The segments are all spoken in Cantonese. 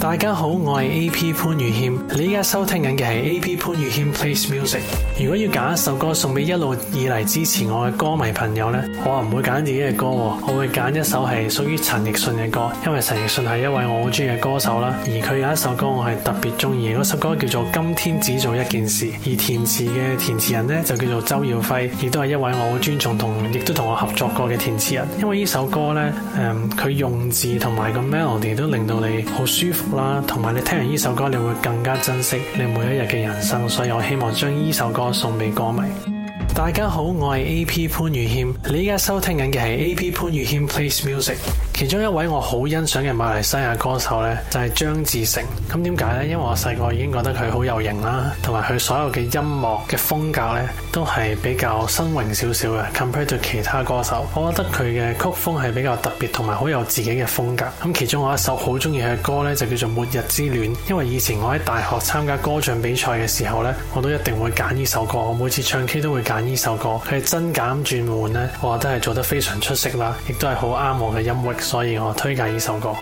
大家好，我係 AP 潘宇謙，你依家收聽緊嘅係 AP 潘宇謙 Plays Music。如果要揀一首歌送俾一路以嚟支持我嘅歌迷朋友咧，我唔會揀自己嘅歌，我會揀一首係屬於陳奕迅嘅歌，因為陳奕迅係一位我好中意嘅歌手啦。而佢有一首歌我係特別中意，嗰首歌叫做《今天只做一件事》，而填詞嘅填詞人咧就叫做周耀輝，亦都係一位我好尊重同亦都同我合作過嘅填詞人。因為呢首歌咧，誒、嗯，佢用字同埋個 melody 都令到你好舒服。啦，同埋你聽完呢首歌，你會更加珍惜你每一日嘅人生，所以我希望將呢首歌送俾歌迷。大家好，我係 AP 潘宇謙，你而家收聽緊嘅係 AP 潘宇謙 Plays Music。其中一位我好欣賞嘅馬來西亞歌手呢，就係張智成。咁點解呢？因為我細個已經覺得佢好有型啦，同埋佢所有嘅音樂嘅風格呢，都係比較新穎少少嘅。Compared to 其他歌手，我覺得佢嘅曲風係比較特別，同埋好有自己嘅風格。咁其中我一首好中意嘅歌呢，就叫做《末日之戀》。因為以前我喺大學參加歌唱比賽嘅時候呢，我都一定會揀呢首歌。我每次唱 K 都會揀呢首歌。佢嘅增減轉換呢，我覺得係做得非常出色啦，亦都係好啱我嘅音域。所以我推介呢首歌。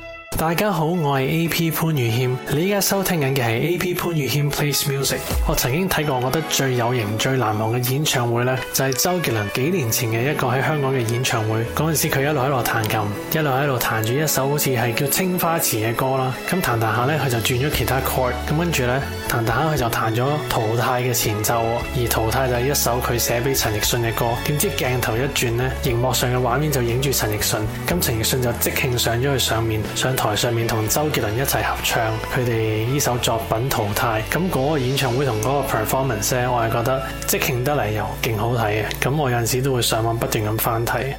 大家好，我係 A.P. 潘宇謙，你依家收聽緊嘅係 A.P. 潘宇謙 plays music。我曾經睇過我覺得最有型最難忘嘅演唱會呢就係周杰倫幾年前嘅一個喺香港嘅演唱會。嗰陣時佢一路喺度彈琴，一路喺度彈住一首好似係叫《青花瓷》嘅歌啦。咁彈彈下呢，佢就轉咗其他 chord。咁跟住呢，彈彈下佢就彈咗《淘汰》嘅前奏，而《淘汰》就係一首佢寫俾陳奕迅嘅歌。點知鏡頭一轉呢，熒幕上嘅畫面就影住陳奕迅，咁陳奕迅就即興上咗去上面上台。上面同周杰倫一齊合唱，佢哋呢首作品淘汰，咁、那、嗰個演唱會同嗰個 performance，我係覺得即興得嚟又勁好睇嘅，咁我有陣時都會上網不斷咁翻睇。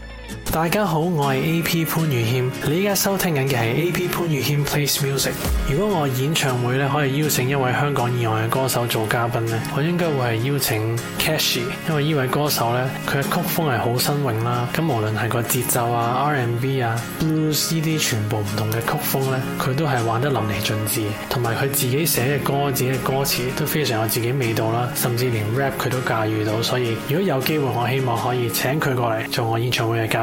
大家好，我係 A.P. 潘宇謙，你依家收聽緊嘅係 A.P. 潘宇謙 Plays Music。如果我演唱會咧可以邀請一位香港以外嘅歌手做嘉賓咧，我應該會係邀請 Cashy，因為呢位歌手咧佢嘅曲風係好新穎啦，咁無論係個節奏啊、R&B 啊、B, Blues、呢啲全部唔同嘅曲風咧，佢都係玩得淋漓盡致，同埋佢自己寫嘅歌、自己嘅歌詞都非常有自己味道啦，甚至連 rap 佢都駕馭到，所以如果有機會，我希望可以請佢過嚟做我演唱會嘅嘉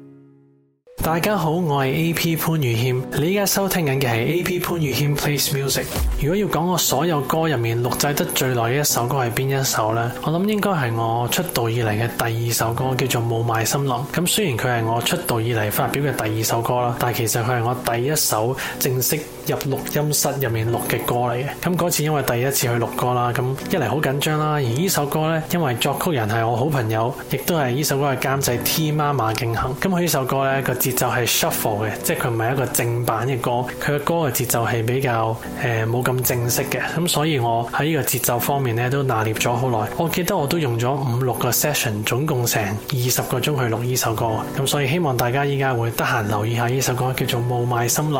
大家好，我係 A P 潘宇謙，你依家收聽緊嘅係 A P 潘宇謙 plays music。如果要講我所有歌入面錄製得最耐嘅一首歌係邊一首呢？我諗應該係我出道以嚟嘅第二首歌，叫做《霧霾森林》。咁雖然佢係我出道以嚟發表嘅第二首歌啦，但係其實佢係我第一首正式入錄音室入面錄嘅歌嚟嘅。咁嗰次因為第一次去錄歌啦，咁一嚟好緊張啦，而呢首歌呢，因為作曲人係我好朋友，亦都係呢首歌嘅監製 T 媽馬敬恆。咁佢呢首歌呢個就係 shuffle 嘅，即係佢唔係一個正版嘅歌，佢嘅歌嘅節奏係比較誒冇咁正式嘅，咁所以我喺呢個節奏方面咧都拿捏咗好耐。我記得我都用咗五六個 session，總共成二十個鐘去錄呢首歌，咁所以希望大家依家會得閒留意下呢首歌叫做《霧霾森林》。